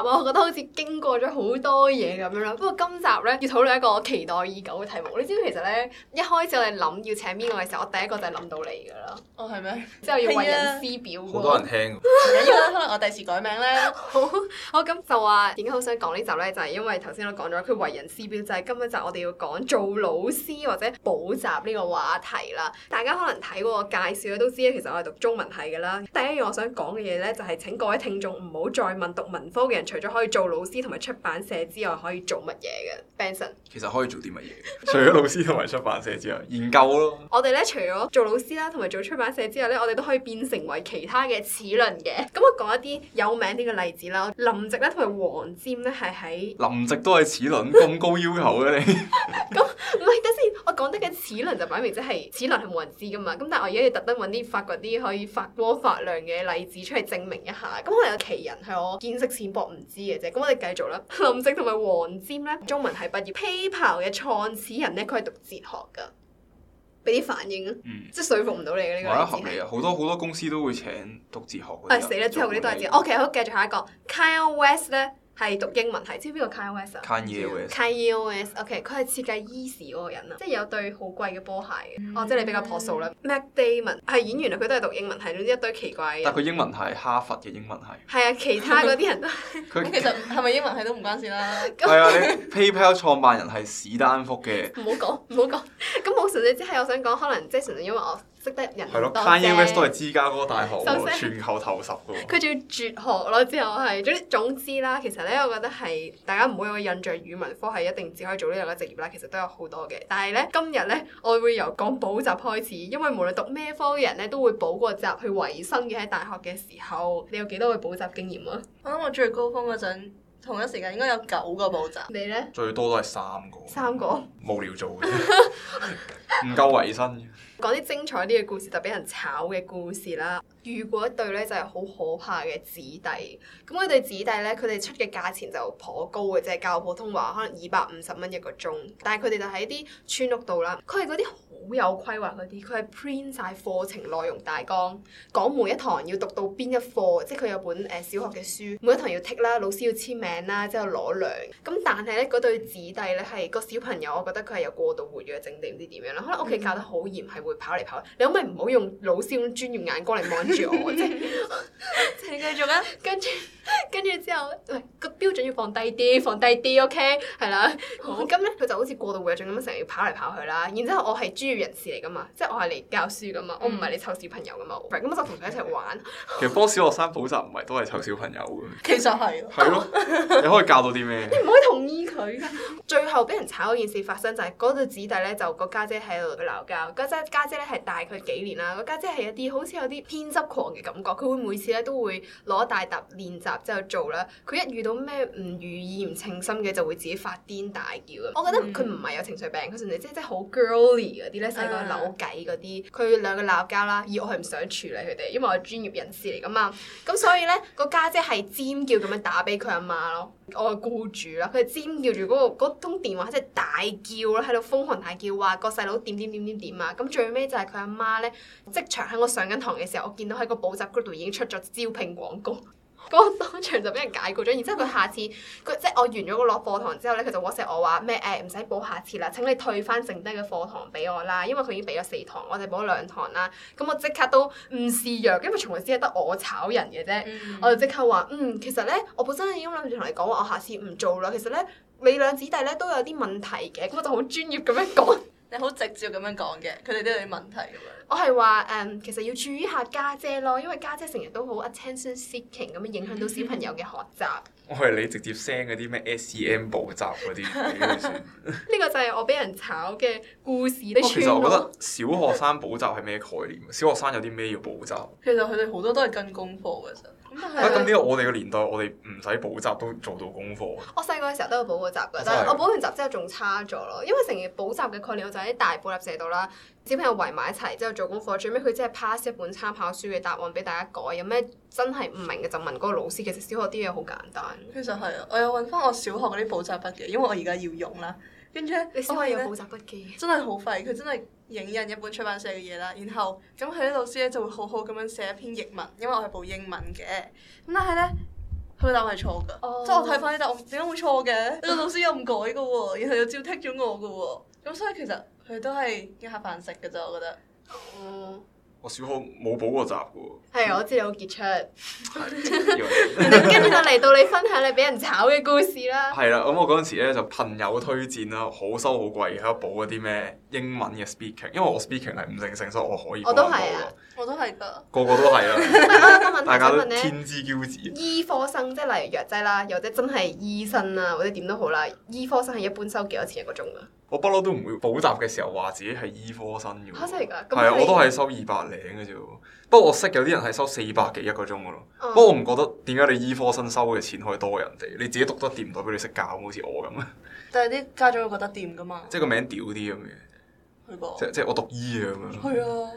我覺得好似經過咗好多嘢咁樣啦。不過今集呢，要討論一個我期待已久嘅題目。你知唔知其實呢，一開始我哋諗要請邊個嘅時候，我第一個就係諗到你㗎啦。哦，係咩？之後要為人師表。好唔緊要啦，可能我第二次改名呢？ 好，好咁就話，點解好想講呢集呢？就係、是、因為頭先我講咗，佢為人師表就係、是、今集我哋要講做老師或者補習呢個話題啦。大家可能睇過我介紹都知其實我係讀中文係㗎啦。第一樣我想講嘅嘢呢，就係、是、請各位聽眾唔好再問讀,讀文科嘅人。除咗可以做老師同埋出版社之外，可以做乜嘢嘅？Benson，其實可以做啲乜嘢？ 除咗老師同埋出版社之外，研究咯。 我哋咧除咗做老師啦，同埋做出版社之外咧，我哋都可以變成為其他嘅齒輪嘅。咁我講一啲有名啲嘅例子啦。林夕咧同埋黃霑咧係喺林夕都係齒輪咁高要求嘅你。咁唔係等先，我講得嘅齒輪就擺明即係齒輪係冇人知噶嘛。咁但係我而家要特登揾啲發掘啲可以發光發亮嘅例子出嚟證明一下。咁可能有奇人係我見識淺薄。唔知嘅啫，咁我哋繼續啦。林夕同埋黃霑呢，中文系畢業。PayPal 嘅創始人呢，佢係讀哲學㗎。俾啲反應啊，嗯、即係說服唔到你嘅呢、這個。我喺學嚟啊，好多好多公司都會請讀哲學嘅。係死啦，之後嗰啲都係哲學。OK，好，繼續下一個。Kyle West 呢。係讀英文係，知唔知邊個 Kios？Kios？Kios？OK，佢係設計 E 時嗰個人啊，即、就、係、是、有對好貴嘅波鞋嘅，哦，mm. oh, 即係你比較樸素啦。m、mm. Matt Damon 係演員佢都係讀英文係，總之一堆奇怪嘅人。但佢英文係哈佛嘅英文係。係 啊，其他嗰啲人都佢 其實係咪英文都係都唔關事啦。咁 啊，你 PayPal 創辦人係史丹福嘅。唔好講，唔好講。咁好純粹，之係，我想講可能即係純粹因為我。識得人係咯，了謝都係芝加哥大學傷全球頭十喎。佢仲要絕學咯，之後係，總之啦，其實呢，我覺得係大家唔好有個印象，語文科係一定只可以做呢兩個職業啦。其實都有好多嘅，但係呢，今日呢，我會由講補習開始，因為無論讀咩科嘅人呢，都會補過習去維生嘅，喺大學嘅時候，你有幾多個補習經驗啊？我諗我最高峰嗰陣。同一時間應該有九個補習，你呢？最多都係三個，三個無聊做，唔 夠維生嘅。講啲精彩啲嘅故事，就俾、是、人炒嘅故事啦。遇過一對呢，就係好可怕嘅子弟，咁嗰對子弟呢，佢哋出嘅價錢就頗高嘅，即係教普通話可能二百五十蚊一個鐘，但係佢哋就喺啲村屋度啦，佢係嗰啲，好有規劃嗰啲，佢係 print 晒課程內容大綱，講每一堂要讀到邊一課，即係佢有本誒小學嘅書，每一堂要剔啦，老師要簽名啦，之後攞糧。咁但係呢，嗰對子弟呢，係、個小朋友，我覺得佢係有過度活躍症定唔知點樣啦。可能屋企教得好嚴，係、嗯、會跑嚟跑去。你可唔可以唔好用老師咁專業眼光嚟望住我？請 繼續啊！跟住，跟住之後，喂，係個標準要放低啲，放低啲，OK，係啦。咁呢，佢就好似過度活躍症咁樣，成日要跑嚟跑去啦。然之後我係專人士嚟噶嘛，即我係嚟教書噶嘛，嗯、嘛，我唔係嚟湊小朋友噶嘛，咁我就同佢一齊玩。其實幫小學生補習唔係都係湊小朋友嘅。 其實係。係咯了， 你可以教到啲咩？你唔可以同意佢㗎。 最後俾人炒嗰件事發生就係嗰對姊弟呢，就個家姐喺度鬧交。家姐家姐咧係大佢幾年啦，個家姐係一啲好似有啲偏執狂嘅感覺，佢會每次咧都會攞一大沓練習之後做啦。佢一遇到咩唔如意唔稱心嘅就會自己發癲大叫啦。我覺得佢唔係有情緒病，佢純粹即係即係好 girlly 嗰啲。咧，細個扭計嗰啲，佢兩個鬧交啦，而我係唔想處理佢哋，因為我係專業人士嚟噶嘛，咁所以呢，個家姐係尖叫咁樣打俾佢阿媽咯，我係孤主啦，佢尖叫住嗰個嗰通電話，即係大叫啦，喺度瘋狂大叫話個細佬點點點點點啊，咁最尾就係佢阿媽呢，即場喺我上緊堂嘅時候，我見到喺個補習 group 度已經出咗招聘廣告。咁我當場就俾人解雇咗，然之後佢下次佢即我完咗個落課堂之後呢，佢就 WhatsApp 我話咩誒，唔使補下次啦，請你退翻剩低嘅課堂俾我啦，因為佢已經俾咗四堂，我哋補咗兩堂啦。咁我即刻都唔示弱，因為從來只係得我炒人嘅啫，嗯嗯，我就即刻話嗯，其實呢，我本身已經諗住同你講話我下次唔做啦。其實呢，你兩姊弟呢都有啲問題嘅，咁我就好專業咁樣講。 你好直接咁樣講嘅，佢哋都有啲問題咁樣。我係話誒，其實要注意下家姐，姐咯，因為家姐成日都好 attention-seeking 咁樣影響到小朋友嘅學習。嗯嗯，我係你直接 send 嗰啲咩 SEM 補習嗰啲。呢個就係我俾人炒嘅故事。你其實我覺得小學生補習係咩概念？ 小學生有啲咩要補習？其實佢哋好多都係跟功課嘅啫。咁呢 嗯、個我哋個年代，我哋唔使補習都做到功課。我細個嘅時候都有補過習嘅，但係我補完習之後仲差咗咯。因為成日補習嘅概念就喺大補習社度啦，小朋友圍埋一齊之後做功課，最尾佢只係 pass 一本參考書嘅答案俾大家改。有咩真係唔明嘅就問嗰個老師。其實小學啲嘢好簡單。其實係啊，我有揾翻我小學嗰啲補習筆記，因為我而家要用啦。跟住，我係要補習筆記， 哦、真係好廢。佢、嗯、真係影印一本出版社嘅嘢啦。然後，咁佢啲老師咧就會好好咁樣寫一篇譯文，因為我係補英文嘅。咁但係咧，佢答案係錯㗎。哦、即係我睇翻呢答案，點解、哦、會錯嘅？呢、這個老師又唔改嘅喎，啊、然後又照剔咗我嘅喎。咁所以其實佢都係一盒飯食嘅啫，我覺得。哦我小學冇補過習嘅喎。係啊，我知道你好傑出。跟住就嚟到你分享你俾人炒嘅故事啦。係啦， 咁我嗰陣時咧就朋友推薦啦，好收好貴嘅，喺度補嗰啲咩英文嘅 speaking，因為我 speaking 係五成性，所以我可以補補。我都係啊，我都係得。個個都係啊。 問題問呢大家天之驕子。醫科生即係例如藥劑啦，又或者真係醫生啊，或者點都好啦，醫科生係一般收幾多錢一個鐘啊？我不嬲都唔會補習嘅時候話自己係醫科生嘅。嚇真係㗎？係啊，我都係收二百零嘅啫。不過我識有啲人係收四百幾一個鐘嘅咯。嗯、不過我唔覺得點解你醫科生收嘅錢可以多人哋？你自己讀得掂唔代表你識教，好似我咁啊。但係啲家長會覺得掂㗎嘛。即係個名屌啲咁嘅，係噃。即係即係我讀醫啊咁樣。係啊。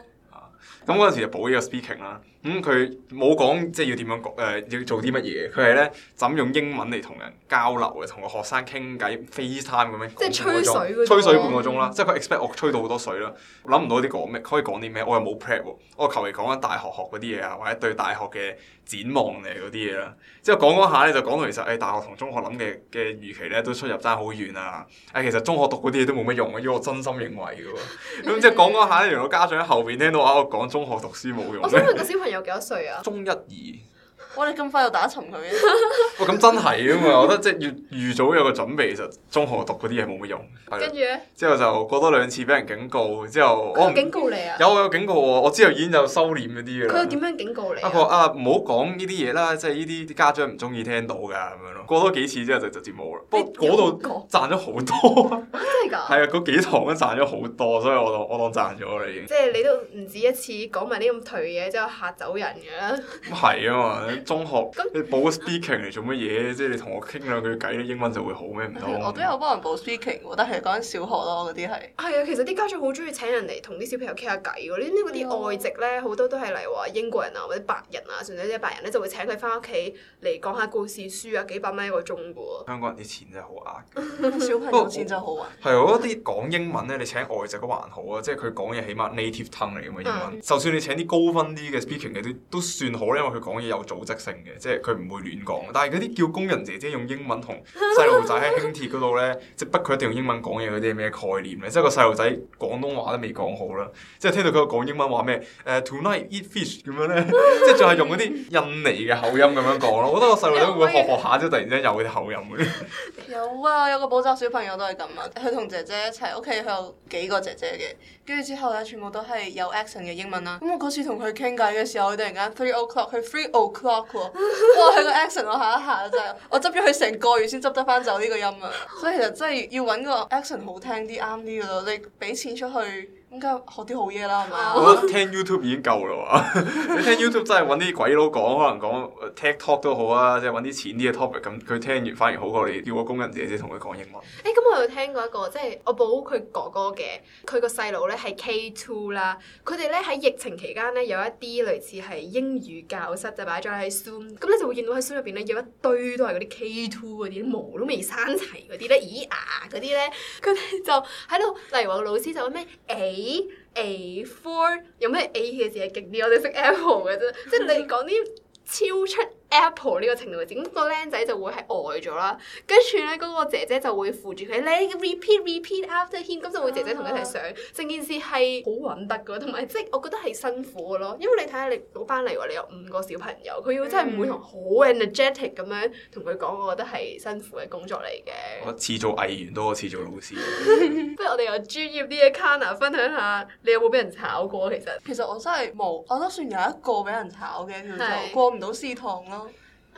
咁嗰陣時就補呢個 speaking 啦、嗯，咁佢冇講即係要點樣講誒、呃，要做啲乜嘢，佢係呢，就咁用英文嚟同人交流嘅，同個學生傾偈，FaceTime 咁樣，吹水，吹水半個鐘啦，嗯、即係佢 expect 我吹到好多水啦，諗唔到啲講咩，可以講啲咩，我又冇 prep 喎，我求其講下大學學嗰啲嘢啊，或者對大學嘅展望嚟嗰啲嘢啦，之後講講下呢，就講到其實誒、哎、大學同中學諗嘅嘅預期呢，都出入差好遠啊，誒、哎、其實中學讀嗰啲嘢都冇乜用啊，因為我真心認為嘅喎，咁、嗯、即係講講下咧，連個家長喺後邊聽到啊我講。中學讀書冇用。 我想問個小朋友幾多歲啊？中一二。哇！你咁快又打沉佢？哇！咁真係啊嘛，我覺得即係預早有個準備，其實中學讀嗰啲嘢冇乜用。跟住咧，呢之後就過多兩次俾人警告，之後。佢警告你啊？我有我有警告喎，我之後已經有收斂嗰啲嘅。佢點樣警告你啊？啊啊！唔好講呢啲嘢啦，即係呢啲啲家長唔中意聽到㗎咁樣咯。過多幾次之後就直接冇啦。不過嗰度賺咗好多。 真係㗎的？係啊， 嗰幾堂都賺咗好多，所以我當我當賺咗啦已經。即係你都唔止一次講埋呢咁頹嘢，之後嚇走人㗎啦。咁係啊嘛。中學，你補個 speaking 嚟做乜嘢？ 即係你同我傾下句偈咧，英文就會好咩唔通？ 我都有幫人補 speaking，我覺得係講緊小學咯，嗰啲係。係 啊，其實啲家長好中意請人嚟同啲小朋友傾下偈喎。呢呢個啲外籍呢，好多都係嚟話英國人啊或者白人啊，甚至係啲白人呢，就會請佢翻屋企嚟講下故事書啊，幾百蚊一個鐘㗎喎。香港人啲錢真係好揾， 小朋友過 錢真係好揾。係啊，我覺得啲講英文呢，你請外籍都還好啊，即係佢講嘢起碼 native tongue 嚟嘅 英文。就算你請啲高分啲嘅 speaking 嘅都都算好，因為佢講嘢有組織。性嘅，即係佢唔會亂講。但係嗰啲叫工人姐姐用英文同細路仔喺輕鐵嗰度呢， 即係不佢一定用英文講嘢嗰啲係咩概念呢？即係個細路仔廣東話都未講好啦，即係聽到佢講英文話咩 Tonight eat fish 咁樣呢， 即係仲係用嗰啲印尼嘅口音咁樣講咯。我覺得個細路仔會學學下，即係 語突然之間有嗰啲口音嘅。有啊，有個補習小朋友都係咁啊，佢同姐姐一齊，屋企佢有幾個姐姐嘅，跟住之後呢，全部都係有 action 嘅英文啦、啊。咁我嗰次同佢傾偈嘅時候，佢突然間 three o'clock，佢 three o'clock。 哇！佢個 action 我下一下真係，我執咗佢成個月先執得翻走呢個音啊！所以其實真係要揾個 action 好聽啲啱啲嘅咯，你俾錢出去。應該學啲好嘢啦，係咪啊？我覺得聽 YouTube 已經夠啦喎！你聽 YouTube 真係揾啲鬼佬講，可能講 TikTok 都好啊，即係揾啲淺啲嘅 topic。咁佢聽完反而好過你叫個工人姐姐同佢講英文。咁、哎嗯、我有聽過一個，即係我補佢哥哥嘅，佢個細佬呢係 K Two 啦。佢哋呢喺疫情期間呢，有一啲類似係英語教室就擺咗喺 Zoom。咁咧就會見到喺 Zoom 入邊呢，有一堆都係嗰啲 K Two，嗰啲毛都未生齊嗰啲、啊、呢。咦牙嗰啲呢，佢哋就喺度，例如話個老師就話咩誒？咦 A four 有咩 A 嘅字係極啲？我哋識 Apple 嘅啫，即係你講啲超出。Apple 呢個程度整、嗰個靚仔就會係呆咗啦，跟住呢，嗰、嗰個姐姐就會扶住佢，你 repeat repeat after him，咁就會姐姐同你一齊上。成、啊、件事係好搵得㗎，同埋即我覺得係辛苦㗎咯。因為你睇下你老班嚟喎，你有五個小朋友，佢要真係每同好 energetic 咁、嗯、樣同佢講，我覺得係辛苦嘅工作嚟嘅。我一次做藝員多過次做老師。 不如我哋由專業啲嘅 Cana 分享下，你有冇俾人炒過？其實其實我真係冇，我都算有一個俾人炒嘅，叫做過唔到試堂咯。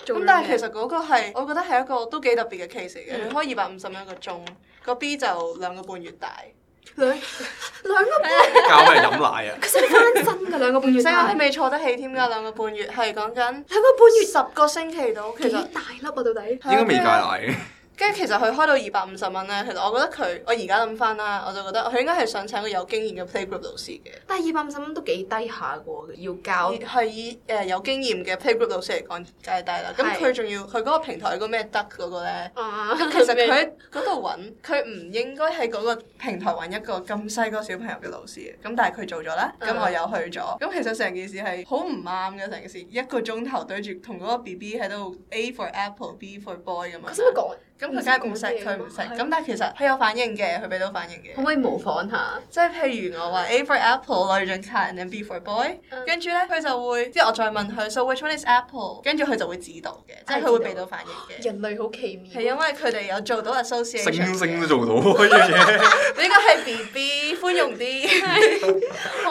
咁但係其實嗰個係，我覺得係一個都幾特別嘅 case 嚟嘅，嗯、開二百五十蚊一個鐘，個 B 就兩個半月大，兩兩個半月教咩飲奶啊？其實講緊真嘅兩個半月，因為佢未坐得起添㗎，兩個半月係講緊兩個半月，兩個半月十個星期到，其實大粒、啊、到底應該未戒奶。 跟住其實佢開到二百五十蚊呢，其實我覺得佢，我而家諗翻啦，我就覺得佢應該係想請個有經驗嘅 playgroup 老師嘅。但係二百五十蚊都幾低下嘅喎，要教係以誒有經驗嘅 playgroup 老師嚟講梗係低啦。咁佢仲要佢嗰個平台嗰咩德嗰個呢？咁、uh, 其實佢喺嗰度揾，佢唔 應該喺嗰個平台揾一個咁細個小朋友嘅老師，咁但係佢做咗咧，咁我有去咗。咁、uh huh. 其實成件事係好唔啱嘅，成件事，一個鐘頭對住同嗰個 BB 喺度 A for apple，B for boy 咁樣。咁佢梗係唔識，佢唔識。咁但係其實佢有反應嘅，佢俾到反應嘅。可唔可以模仿下？即係譬如我話 A for apple，來張卡，and B for boy。跟住呢，佢就會，之後我再問佢，so which one is apple？跟住佢就會指導嘅，即係佢會俾到反應嘅。人類好奇妙。係因為佢哋有做到啊，association。猩猩都做到呢啲嘢。呢個係 B B，寬容啲。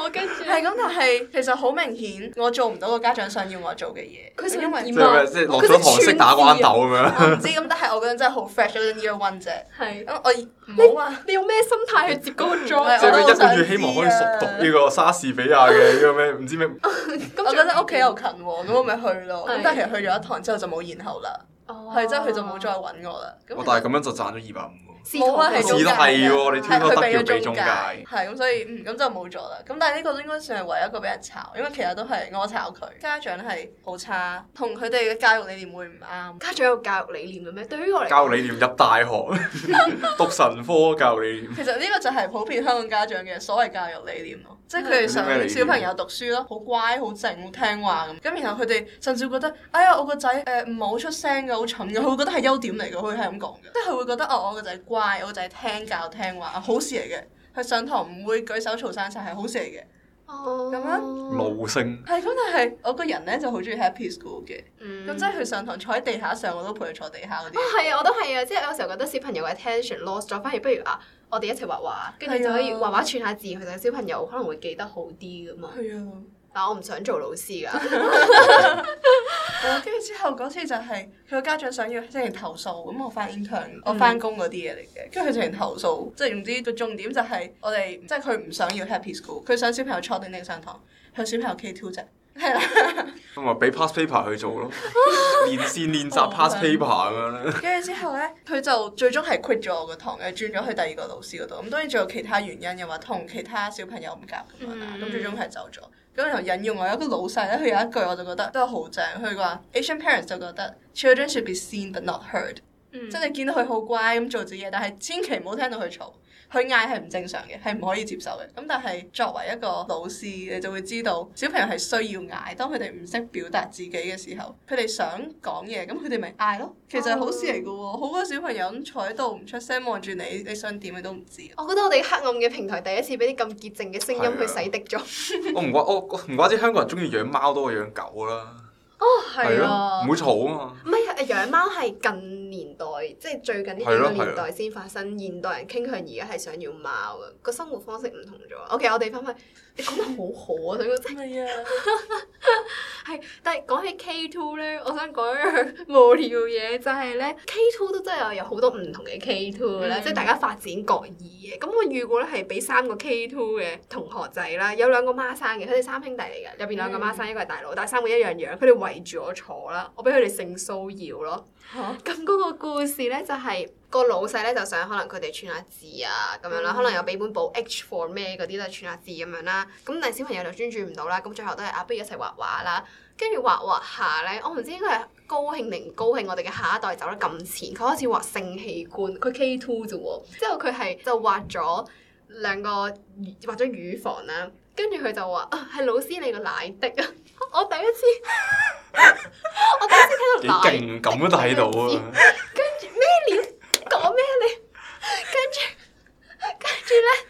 我跟住。係咁，但係其實好明顯，我做唔到個家長想要我做嘅嘢。佢係因為點落咗堂，識打關鬥咁樣。我唔知，咁但係我覺得真係。好 fresh 嗰陣 year one 啫，係是、嗯、我唔好、啊、你用咩心態去接嗰、 啊、個 job，即係佢一本住希望可以熟讀呢個莎士比亞嘅呢個咩唔知咩，我覺得屋企又近喎，咁我咪去咯。咁是但係其實去咗一堂之後就冇然後啦，係之後佢就冇再揾我啦。咁、就是 oh, 但係咁樣就賺咗二百五喎。冇啊，係中介，係佢俾咗中介，係咁所以，嗯，咁就冇咗啦。咁但係呢個應該算係唯一一個俾人炒，因為其實都係我炒佢。家長係好差，同佢哋嘅教育理念會唔啱。家長有教育理念嘅咩？對於我嚟講，教育理念入大學 讀神科教育理念。其實呢個就係普遍香港家長嘅所謂教育理念咯。即係佢哋想小朋友讀書咯，好乖、好靜、好聽話咁。咁然後佢哋甚至覺得，哎呀，我個仔誒唔係好出聲嘅，好蠢嘅，佢會覺得係優點嚟嘅，佢會係咁講嘅。即係佢會覺得哦，我個仔乖，我個仔聽教、聽話，好事嚟嘅。佢上堂唔會舉手嘈散晒，係好事嚟嘅。哦、oh，咁樣星。冇聲。係，嗰陣係我個人呢就好中意 Happy School 嘅，咁、嗯、即係佢上堂坐喺地下上，我都陪佢坐地下嗰啲。哦，係啊，我都係啊，即係有時候覺得小朋友嘅 attention lost 咗，反而不如啊。我哋一齊畫畫，跟住就可以畫畫串下字，佢哋、啊、小朋友可能會記得好啲㗎嘛。係啊，但我唔想做老師㗎。跟住之後嗰次就係佢個家長想要即係投訴，咁、嗯、我返 intern，我返工嗰啲嘢嚟嘅，跟住佢就嚟投訴，即係總之個重點就係我哋，即係佢唔想要 happy school，佢想小朋友坐定定上堂，佢小朋友 k two 啫。係啦，咁啊俾 past paper 去做咯，延線 練習 past、 哦、paper 咁樣啦。跟住 之後呢，佢就最終係 quit 咗我個堂，嘅，跟住轉咗去第二個老師嗰度。咁當然仲有其他原因，又話同其他小朋友唔夾咁樣啦。咁最終係走咗。咁又、嗯、引用我一個老細呢，佢有一句我就覺得都係好正。佢話 Asian parents 就覺得 children should be seen but not heard，即係你見到佢好乖咁做自己嘢，但係千祈唔好聽到佢嘈。佢嗌係唔正常嘅，係唔可以接受嘅。咁但係作為一個老師，你就會知道小朋友係需要嗌。當佢哋唔識表達自己嘅時候，佢哋想講嘢，咁佢哋咪嗌咯。其實係好事嚟嘅喎，oh. 好多小朋友坐喺度唔出聲，望住你，你想點你都唔知。我覺得我哋黑暗嘅平台第一次俾啲咁潔淨嘅聲音去洗滌咗的。 我唔怪，我唔怪，知香港人中意養貓多過養狗啦。哦，係啊，唔會嘈啊嘛。唔係，養貓係近年代，即係最近呢幾個年代先發生。啊啊、現代人傾向而家係想要貓啊。個生活方式唔同咗。OK，我哋翻翻，你講得好好 啊，想講真。唔係啊，係，但係講起 K two 呢，我想講一樣無聊嘢，就係、是、呢。K two 都真係有好多唔同嘅 K two 咧，即係、嗯、大家發展各異嘅。咁我遇過呢，係俾三個 K two 嘅同學仔啦，有兩個孖生嘅，佢哋三兄弟嚟嘅，入邊兩個孖生、嗯、一個係大佬，但係三個一樣一樣，佢哋話。圍住我坐啦，我俾佢哋性騷擾咯。咁嗰、啊、個故事呢，就係、是、個老細呢，就想可能佢哋串下字啊咁樣啦，嗯、可能又俾本簿 H for 咩嗰啲都係串下字咁樣啦。咁但係小朋友就專注唔到啦，咁最後都係阿 B 一齊畫畫啦。跟住畫一畫一下呢，我唔知應該係高興定唔高興，我哋嘅下一代走得咁前，佢開始畫性器官，佢 K two 啫喎。之後佢係就畫咗兩個畫咗乳房啦，跟住佢就話係、啊、老師你個奶滴啊。我第一次，我第一次聽到，奶，勁感地都睇到啊！跟住咩料講咩你？跟住，跟住咧，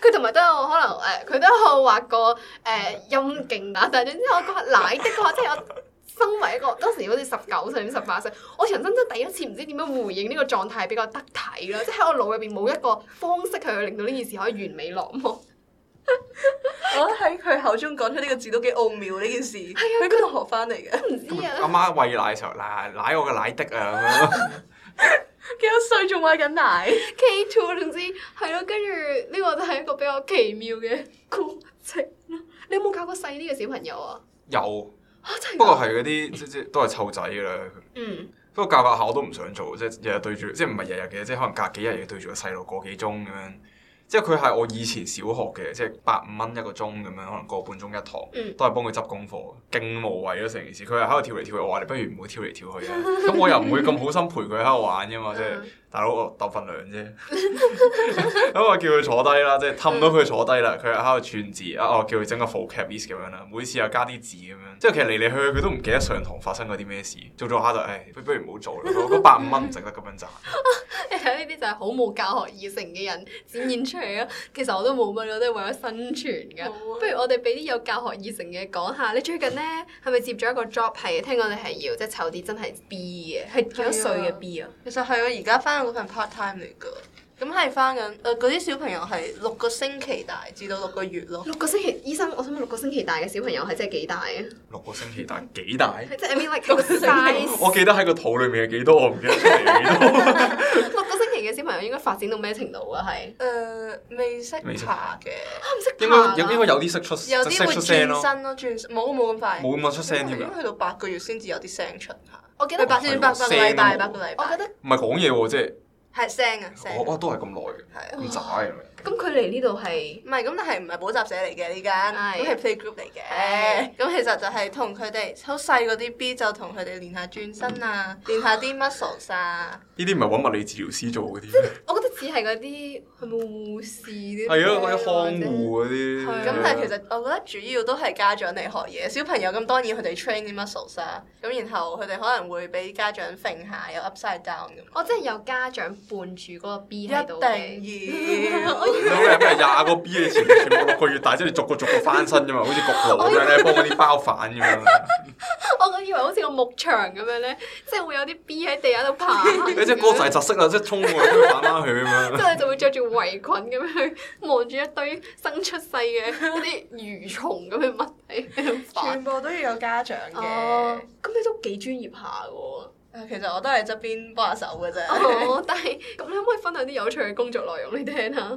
佢同埋都有可能誒，佢都有畫過誒、呃、陰莖啊！但係總之我個奶的過、那、程、個，就是、我身為一個當時好似十九歲定十八歲，我人生真第一次唔知點樣回應呢個狀態比較得體啦！即係喺我腦入邊冇一個方式去令到呢件事可以完美落幕。 我喺佢口中講出呢個字都幾奧妙呢件事，喺邊度學翻嚟嘅？唔知啊。阿媽喂奶嘅時候，奶奶我個奶的啊！ 幾多歲仲喂緊奶？K two，總之係咯。跟住呢個就係一個比較奇妙嘅過程。你有冇教過細啲嘅小朋友有啊？有。不過係嗰啲即即都係湊仔㗎喇。嗯。不過教教下我都唔想做，即日日對住，即唔係日日嘅，即可能隔幾日要對住個細路個幾鐘咁樣。即係佢係我以前小學嘅，即係百五蚊一個鐘咁樣，可能個半鐘一堂，嗯、都係幫佢執功課，勁無謂咯成件事。佢係喺度跳嚟跳去，我話你不如唔好跳嚟跳去啊！咁 我又唔會咁好心陪佢喺度玩啫嘛，嗯、即係。大佬我揼份糧啫，咁 我、嗯、 叫佢坐低啦，即係氹到佢坐低啦，佢喺度串字，啊我叫佢整個 vocab list 咁樣啦，每次又加啲字咁樣，即係其實嚟嚟去去佢都唔記得上堂發生過啲咩事，做咗下就唉，不如唔好做啦，嗰 百五蚊唔值得咁樣賺。你睇呢啲就係好冇教學熱誠嘅人展現出嚟咯，其實我都冇乜，我都係為咗生存㗎， 不如我哋俾啲有教學熱誠嘅講下，你最近呢係咪接咗一個 job 係聽講你係要即係湊啲真係 B 嘅，係幾多歲嘅 B 啊的？其實係啊，而家翻。 嗰份 part time 嚟㗎，咁係返緊，誒，嗰啲小朋友係六個星期大至到六個月咯。六個星期，醫生，我想問六個星期大嘅小朋友係真係幾大啊？六個星期大幾大？即係 I mean like 個 size 我記得喺個肚裏面係幾多，我唔記得幾多。 小朋友應該發展到咩程度啊？係誒未識爬嘅，啊唔識爬。應該有啲識出，有啲會轉身咯，轉身冇冇咁快，冇咁乜出聲添啊！去到八個月先至有啲聲出嚇，我記得八八個禮拜，八個禮拜，我覺得唔係講嘢喎，即係係聲啊！哇，都係咁耐，咁早啊！咁佢嚟呢度係唔係咁？但係唔係補習社嚟嘅呢間，都係 playgroup 嚟嘅。咁其實就係同佢哋好細嗰啲 B，就同佢哋練下轉身啊，練下啲 muscles 啊。呢啲唔係揾物理治療師做嗰啲。我覺得只係嗰啲，佢冇護士啲？係啊，嗰啲看護嗰啲。咁但係其實我覺得主要都係家長嚟學嘢，小朋友咁當然佢哋 train 啲 muscles 啊。咁然後佢哋可能會俾家長揈下，有 upside down 咁。我真係有家長伴住嗰個 B 喺度。唔知咩咩廿個 B 啊，全部六個月大，係即係逐個逐個翻身啫嘛，好似焗爐咁樣咧，幫嗰啲包飯咁樣。我以為好似個木牆咁樣咧，即係會有啲 B 喺地下度爬。你即係仔窒息啦，即係衝過去玩翻去咁樣。之後你就會着住圍裙咁樣，望住一堆生出世嘅嗰啲蠕蟲咁嘅物體。全部都要有家長嘅。哦，咁你都幾專業下噶喎。其實我都係側邊幫下手嘅啫。但係咁你可唔可以分享啲有趣嘅工作內容你聽下？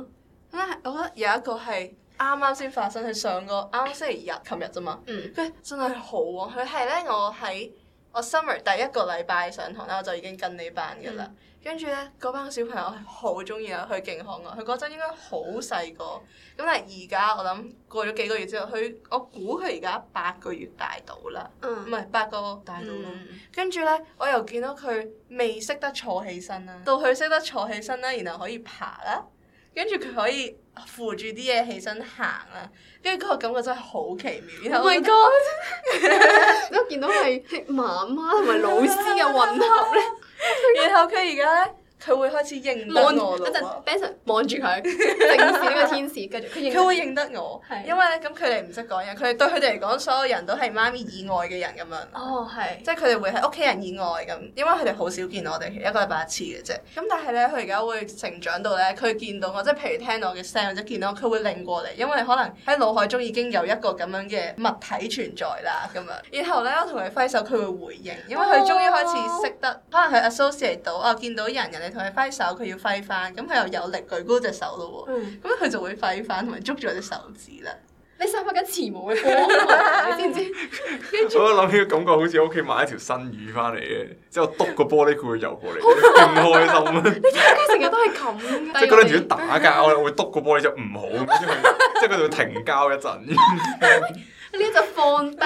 咁咧，我覺得有一個係啱啱先發生，喺上個啱啱星期日，琴日啫嘛。嗯。佢真係好喎、啊，佢係咧我喺我 Summer 第一個禮拜上堂咧，我就已經跟班、嗯、呢班嘅啦。跟住咧，嗰班小朋友係好中意啊，佢勁可愛。佢嗰陣應該好細個，咁但係而家我諗過咗幾個月之後，佢我估佢而家八個月大到啦。唔係八個大到咯。跟住咧，我又見到佢未識得坐起身啦，嗯、到佢識得坐起身啦，然後可以爬啦。跟住佢可以扶住啲嘢起身行啦，跟住嗰個感覺真係好奇妙，然後 Oh my God，我見到係媽媽同埋老師嘅混合咧， 然後佢而家咧。佢會開始認得我咯，一陣 Benson 望住佢，個 天使，繼續佢認。佢認得我，認得我的因為咧，咁佢哋唔識講嘢，佢哋對佢哋嚟講，所有人都係媽咪以外嘅人咁樣。哦，係，即係佢哋會喺屋企人以外咁，因為佢哋好少見我哋，一個禮拜一次嘅啫。咁但係呢，佢而家會成長到呢，佢見到我，即係譬如聽到我嘅聲或者見到我，佢會擰過嚟，因為可能喺腦海中已經有一個咁樣嘅物體存在啦，咁樣。然後呢，我同佢揮手，佢會回應，因為佢終於開始識得，哦、可能佢 associate 到、哦、啊，見到人，人咧。同佢揮手，佢要揮翻，咁佢又有力舉高隻手咯喎，咁佢、嗯、就會揮翻同埋捉住我隻手指啦。你使唔使跟慈母嘅波？你知唔知？ 我諗起感覺好似喺屋企買一條新魚翻嚟嘅，之後篤個玻璃佢會游過嚟，勁、啊、開心啊！ 你知唔知佢成日都係咁嘅？ 即係嗰陣如果打交咧，會篤個玻璃就唔好，即係佢就會停交一陣。呢啲就放低，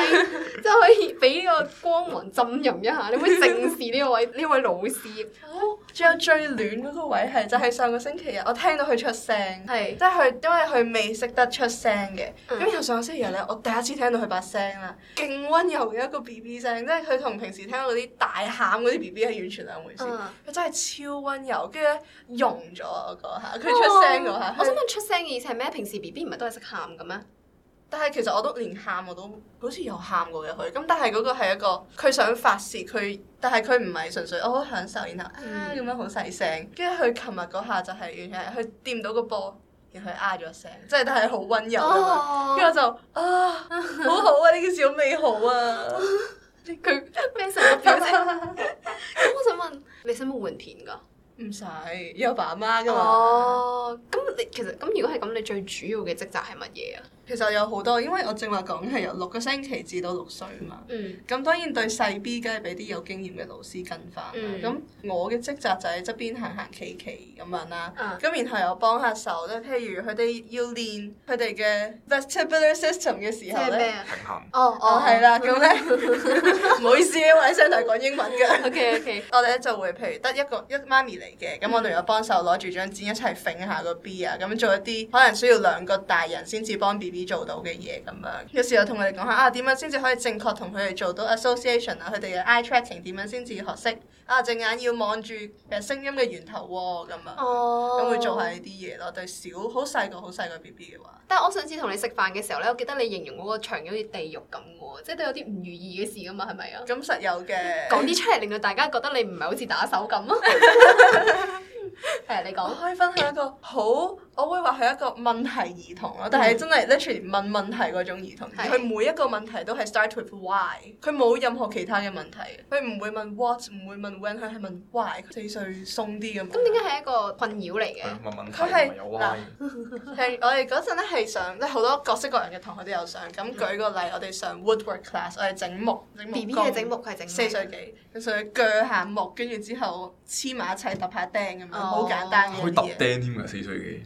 即 可以俾呢個光芒浸潤一下。你可以正視呢位呢 位老師。啊！仲有最暖嗰個位係就係上個星期日，我聽到佢出聲。係是，即係佢因為佢未識得出聲嘅。咁由上個星期日呢，我第一次聽到佢把聲啦，勁溫柔嘅一個 B B 聲，即係佢同平時聽到嗰啲大喊嗰啲 B B 係完全兩回事。佢、嗯、真係超溫柔，跟住呢，融咗嗰下，佢出聲嗰下。嗯、是我想問出聲嘅意思係咩？平時 B B 唔係都係識喊嘅咩？但係其實我都連喊我都好似有喊過嘅佢，咁但係嗰個係一個佢想發泄佢，但係佢唔係純粹我好享受，然後啊咁樣好細聲，跟住佢琴日嗰下就係完全係佢掂到個波，然後佢啊咗聲，即係但係好温柔、哦、啊，跟住我就啊好好啊呢個好美好啊。佢咩成個表情？咁我想問你使唔使換片噶？唔使有爸媽噶嘛？哦，咁、 哦、你其實咁如果係咁，你最主要嘅職責係乜嘢啊？其實有好多，因為我正話講嘅係由六個星期至到六歲啊嘛。嗯。咁當然對細 B 梗係俾啲有經驗嘅老師跟翻。嗯。咁我嘅職責就係側邊行行企企咁樣啦。啊。咁然後又幫下手，即係譬如佢哋要練佢哋嘅 vestibular system 嘅時候呢。係咩啊？平衡。哦哦，係啦。咁呢，唔好意思，因為我喺成日講英文嘅。OK，OK。我哋呢就會譬如得一個一媽咪嚟嘅，咁我哋又幫手攞住張紙一齊揈下個 B 啊，咁做一啲可能需要兩個大人先至幫 B 做到嘅嘢咁樣，有時候同佢哋講下啊，點樣先至可以正確同佢哋做到 association 啊，佢哋嘅 eye tracking 點樣先至學識啊，隻眼要望住嘅聲音嘅源頭喎咁啊，咁會做下呢啲嘢咯。對小好細個好細個 BB 嘅話。但係我上次同你食飯嘅時候呢，我記得你形容嗰個場景好似地獄咁喎，即係都有啲唔如意嘅事咁嘛，係咪啊？咁實有嘅，講啲出嚟令到大家覺得你唔係好似打手咁咯。係你講，可以分享一個好。我會話係一個問題兒童咯，但係真係 literally 問問題嗰種兒童，佢 每一個問題都係 start with why，佢冇任何其他嘅問題，佢唔會問 what，唔會問 when，佢係問 why。四歲鬆啲咁。咁點解係一個困擾嚟嘅？問問題是有係 我哋嗰陣呢係上，即係好多各式各樣嘅同學都有上。咁舉個例，嗯、我哋上 woodwork class，我哋整木整木工。B B 係整木，係整。四歲幾？四歲鋸下木，跟住之後黐埋一齊揼下釘咁樣，好簡單嘅嘢。可以揼釘㗎，四歲幾？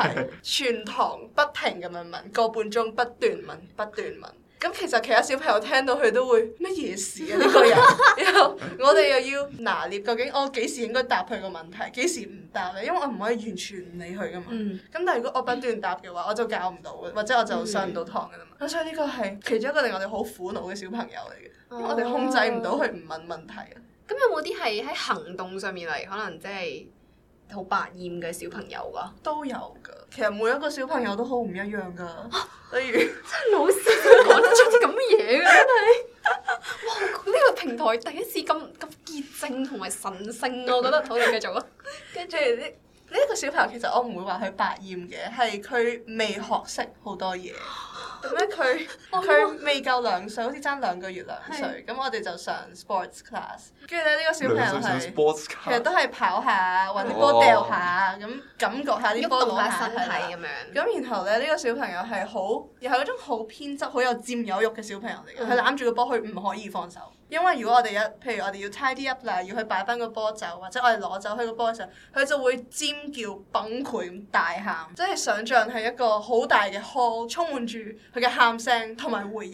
全堂不停咁樣問，個半鐘，不斷問不斷問，咁其實其他小朋友聽到佢都會，乜嘢事啊呢、這個人？ 然後我哋又要拿捏究竟我幾、哦、時應該答佢個問題，幾時唔答咧？因為我唔可以完全唔理佢噶嘛。咁、嗯、但係如果我不斷答嘅話，我就教唔到，或者我就上唔到堂噶啦嘛。咁、嗯、所以呢個係其中一個令我哋好苦惱嘅小朋友嚟嘅，哦、我哋控制唔到佢唔問問題。咁有冇啲係喺行動上面嚟，可能即、就、係、是。好百厭嘅小朋友㗎，都有㗎。其實每一個小朋友都好唔一樣㗎。例如，真係老師都講得出啲咁嘅嘢嘅真係。哇！呢個平台第一次咁咁潔淨同埋神聖，我覺得好啦，繼續啊。跟住呢呢一個小朋友，其實我唔會話佢百厭嘅，係佢未學識好多嘢。咁呢，佢佢 未夠兩歲，好似爭兩個月兩歲，咁是我哋就上 sports class。跟住呢呢個小朋友係，其實都係跑下，揾啲波掉下，咁、哦、感覺下啲波動下身體咁樣。咁然後呢，呢、呢個小朋友係好，又係嗰種好偏執、好有佔有欲嘅小朋友嚟嘅，佢攬住個波，佢唔可以放手。因為如果我哋有，譬如我哋要 tidy up 啦，要去擺翻個波走，或者我哋攞走佢個波走，佢就會尖叫崩潰咁大喊，即係想像係一個好大嘅 hall，充滿住佢嘅喊聲同埋回音，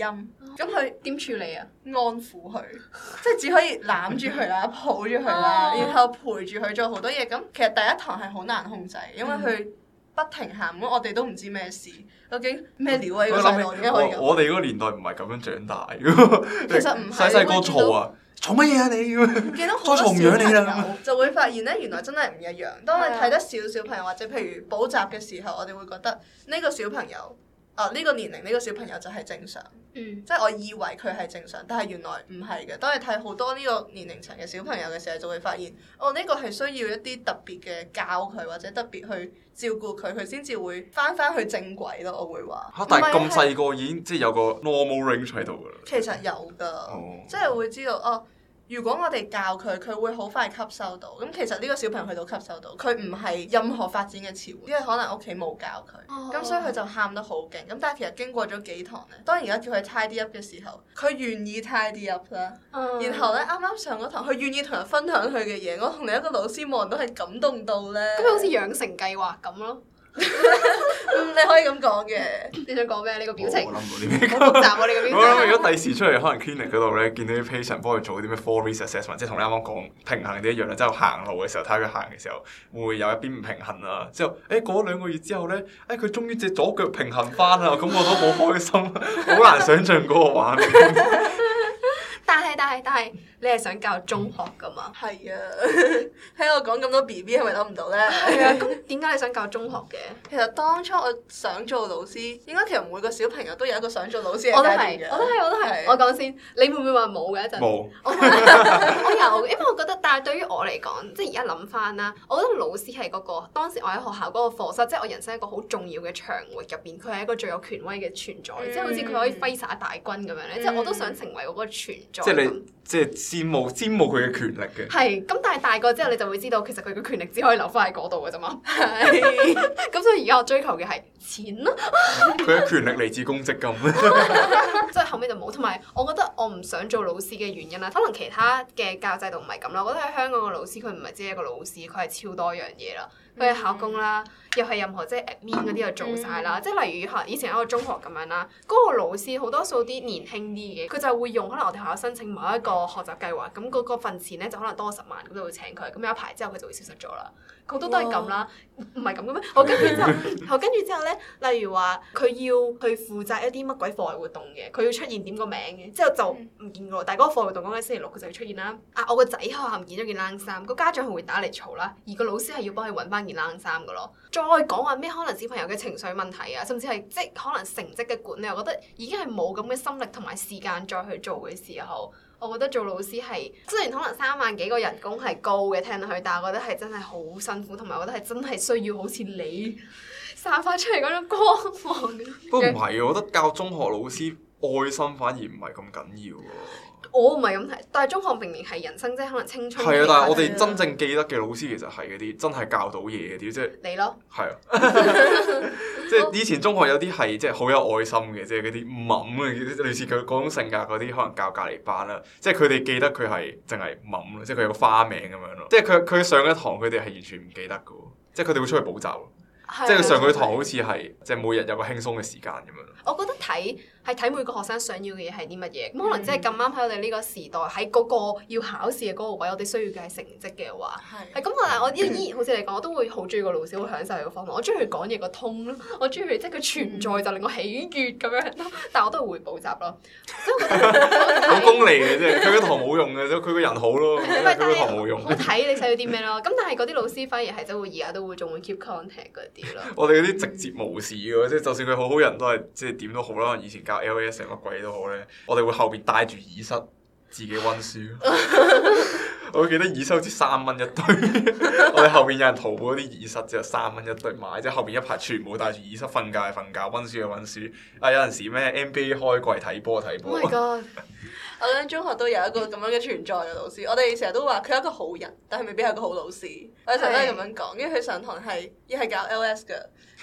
咁佢點處理啊？安撫佢， 即係只可以攬住佢啦，抱住佢啦，啊、然後陪住佢做好多嘢。咁其實第一堂係好難控制，因為佢。嗯不停喊咁、啊這個，我哋都唔知咩事，究竟咩料啊？嗰陣我點可以咁？我我哋嗰個年代唔係咁樣長大， 其實唔係細細個嘈啊，嘈乜嘢啊你？ 見到好多小朋友就會發現呢，原來真係唔一樣。當你睇得少小，小朋友或者譬如補習嘅時候，我哋會覺得呢個小朋友。啊！呢個年齡，呢個小朋友就係正常，嗯、即係我以為佢係正常，但係原來唔係嘅。當你睇好多呢個年齡層嘅小朋友嘅時候，就會發現，哦，呢個係需要一啲特別嘅教佢，或者特別去照顧佢，佢先至會翻翻去正軌咯。我會話嚇、啊，但係咁細個已經即係有個 normal range 喺度㗎啦。唔係，其實有㗎，哦、即係會知道哦。如果我哋教佢，佢會好快吸收到。咁其實呢個小朋友佢都吸收到，佢唔係任何發展嘅遲緩，因為可能屋企冇教佢。咁、oh, okay. 所以佢就喊得好勁。咁但係其實經過咗幾堂咧，當然而家叫佢 tidy up 嘅時候，佢願意 tidy up 啦。Oh. 然後呢，啱啱上嗰堂，佢願意同人分享佢嘅嘢。我同另一個老師望到係感動到呢，咁好似養成計劃咁咯。 你可以咁講嘅，你想講咩？呢個表情。我諗到呢咩？我諗如果第時出嚟可能 clinic 嗰度呢，見到啲 patient 幫佢做啲咩 fall assessment，或者同你啱啱講平衡啲一樣啦。即係行路嘅時候，睇下佢行嘅時候會,會有一邊唔平衡啊。之後，唉、欸，過咗兩個月之後呢，唉、欸，佢終於隻左腳平衡返啦，咁我都好開心，好難想象嗰個畫面。但係是，但係，但係。你係想教中學㗎嘛？係啊，喺度講咁多 B B 係咪諗唔到呢？係啊，咁點解你想教中學嘅？其實當初我想做老師，應該其實每個小朋友都有一個想做老師嘅我都係，我都係，我都係。我講先，你會唔會話冇嘅一陣？冇。我有，因為我覺得，但係對於我嚟講，即而家諗翻啦，我覺得老師係嗰個當時我喺學校嗰個課室，即我人生一個好重要嘅場域入邊，佢係一個最有權威嘅存在，即係好似佢可以揮灑大軍咁樣咧，即我都想成為我嗰個存在。即係你，即係。羨慕，羨慕佢嘅權力嘅，係咁，但係大個之後你就會知道，其實佢嘅權力只可以留翻喺嗰度嘅啫嘛。係咁 是， 所以而家我追求嘅係錢咯、啊。佢 嘅權力嚟自公積金，即 係 後尾就冇。同埋我覺得我唔想做老師嘅原因啦，可能其他嘅教育制度唔係咁啦。我覺得喺香港嘅老師，佢唔係只係一個老師，佢係超多樣嘢啦。佢去考公啦，又係任何即係 admin 嗰啲又做晒啦，嗯、即係例如學以前一個中學咁樣啦，嗰、嗰個老師好多數啲年輕啲嘅，佢就會用可能我哋學校申請某一個學習計劃，咁、嗰、嗰個份、嗰個、錢咧就可能多十萬，咁就會請佢，咁有一排之後佢就會消失咗啦，好多都係咁啦，唔係咁嘅咩？我跟住之後， 我跟住之後咧，例如話，佢要去負責一啲乜鬼課外活動嘅，佢要出現點個名嘅，之後就唔見過，但係嗰個課外活動講緊星期六，佢就會出現啦。啊，我個仔喺學校唔見咗件冷衫，個家長係會打嚟嘈啦，而個老師係要幫佢揾翻。件冷衫嘅咯，再講話咩可能小朋友嘅情緒問題啊，甚至係即係可能成績嘅管理，我覺得已經係冇咁嘅心力同埋時間再去做嘅時候，我覺得做老師係雖然可能三萬幾個人工係高嘅聽落去，但係我覺得係真係好辛苦，同埋我覺得係真係需要好似你散發出嚟嗰種光芒。不過唔係啊， 我覺得教中學老師愛心反而唔係咁緊要。我唔係咁睇，但係中學明明係人生即可能青春。係啊，但係我哋真正記得嘅老師其實係嗰啲真係教到嘢嘅啲，即、就是、你咯。係啊， 即以前中學有啲係即好有愛心嘅，即嗰啲冚嘅，類似佢嗰種性格嗰啲，可能教隔離班啦。即佢哋記得佢係淨係冚咯，即係佢有個花名咁樣咯。即佢佢上一堂，佢哋係完全唔記得㗎喎。即佢哋會出去補習，的即佢上佢堂好似係即每日有個輕鬆嘅時間咁樣。我覺得睇。係睇每個學生想要嘅嘢係啲乜嘢，咁可能真係咁啱喺我哋呢個時代，喺嗰個要考試嘅嗰個位，我哋需要嘅係成績嘅話，係咁。但係我依然好似嚟講，我都會好中意個老師，好享受佢個方法。我中意佢講嘢個通咯，我中意佢即係佢存在就令我喜悅咁樣咯。但我都係會補習咯。 好功利嘅啫，佢個堂冇用嘅，啫，佢個人好咯，佢一堂冇用。睇你想要啲咩咯？咁但係嗰啲老師反而係即係會而家都會仲會 keep contact 嗰啲咯。 我哋嗰啲直接無視嘅，即係就算佢好好人都係即係點都好啦。以前教。LVS 成乜鬼都好呢，我哋會後邊帶住耳塞自己溫書。 我記得耳塞好似三蚊一堆， 我哋後邊有人淘寶啲耳塞就三蚊一堆買，即係後邊一排全部帶住耳塞瞓覺係瞓覺，溫書係溫書。啊，有陣時咩 NBA 開季睇波睇波。my 我咧中學都有一個咁樣嘅存在嘅老師，我哋成日都話佢係一個好人，但係未必係一個好老師。我哋成日都係咁樣講，的因為佢上堂係又係教 LS，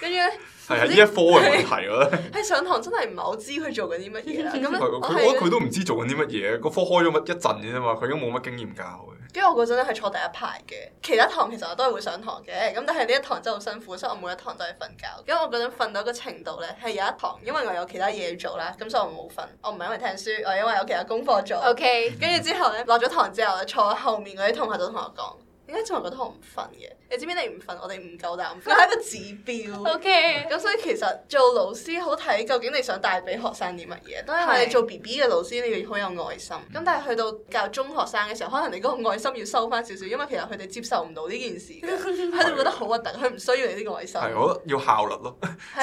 跟住呢，係啊的，呢一科嘅問題咯。係是 上堂真係唔係好知佢做緊啲乜嘢，咁佢我覺得佢都唔知做緊啲乜嘢，個科開咗乜一陣嘅啫嘛，佢都冇乜經驗教。跟住我嗰陣咧係坐第一排嘅，其他堂其實我都係會上堂嘅，咁但係呢一堂真係好辛苦，所以我每一堂都係瞓覺。因為我嗰陣瞓到個程度呢係有一堂，因為我有其他嘢要做啦，咁所以我冇瞓。我唔係因為聽書，我係因為有其他功課做。OK，跟住之後呢，落咗堂之後，坐喺後面嗰啲同學就同我講。咧仲話覺得我唔瞓嘅，你知唔知你唔瞓？我哋唔夠膽瞓。佢係個指標。O、okay, K、嗯。咁所以其實做老師好睇，究竟你想帶俾學生啲乜嘢？當然我哋做 B B 嘅老師，你係好有愛心。咁但係去到教中學生嘅時候，可能你嗰個愛心要收翻少少，因為其實佢哋接受唔到呢件事，佢哋會覺得好核突，佢唔需要你啲愛心。係，我覺得要效率咯。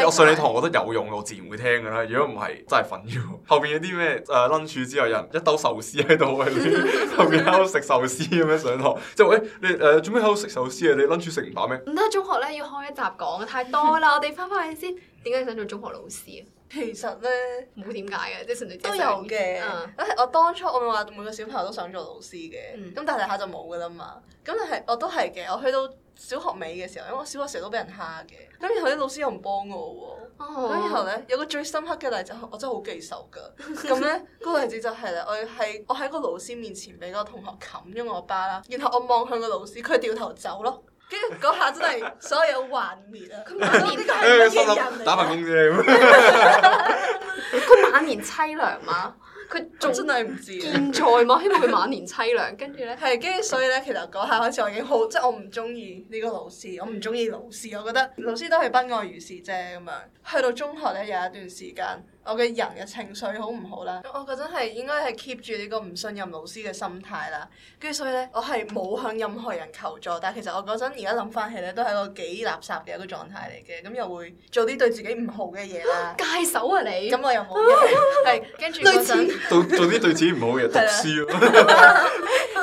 我上你堂，我覺得有用，我自然會聽㗎啦。如果唔係，真係瞓咗。後邊有啲咩誒，lunch 之後，有人一兜壽司喺度，後邊喺度食壽司咁樣上堂。即係你。誒做咩喺度食壽司啊？你諗住食唔飽咩？唔得，中學呢要開一集講，太多啦。 我哋翻返去先。點解你想做中學老師啊？其實呢，冇點解嘅，即係純粹都係嘅。我、啊、我當初我咪話每個小朋友都想做老師嘅，咁、嗯、但係下就冇噶啦嘛。咁但係我都係嘅，我去到小學尾嘅時候，因為我小學成日都俾人蝦嘅，咁然後啲老師又唔幫我喎，咁、oh. 然後呢，有個最深刻嘅例子，我真係好記仇㗎，咁呢、 嗰個例子就係、是、啦，我係我喺個老師面前俾個同學冚咗我巴啦，然後我望向個老師，佢掉頭走咯，跟住嗰下真係所有幻滅啊！佢唔知呢個係咩嘢人，打份工啫，佢晚年淒涼嘛？佢真係唔知，天才嘛，希望佢晚年凄涼，跟住呢，係，跟住所以呢，其實嗰下開始我已經好，即係我唔中意呢個老師，我唔中意老師，我覺得老師都係不外如是啫咁樣。去到中學呢，有一段時間。我嘅人嘅情緒好唔好啦？那我覺得係應該係 keep 住呢個唔信任老師嘅心態啦，跟住所以呢，我係冇向任何人求助。但其實我嗰陣而家諗翻起呢，都係一個幾垃圾嘅一個狀態嚟嘅。咁又會做啲對自己唔好嘅嘢啦。戒手啊你！咁我又冇嘢係跟住。嗰陣 做做啲對自己唔好嘅嘢，讀書。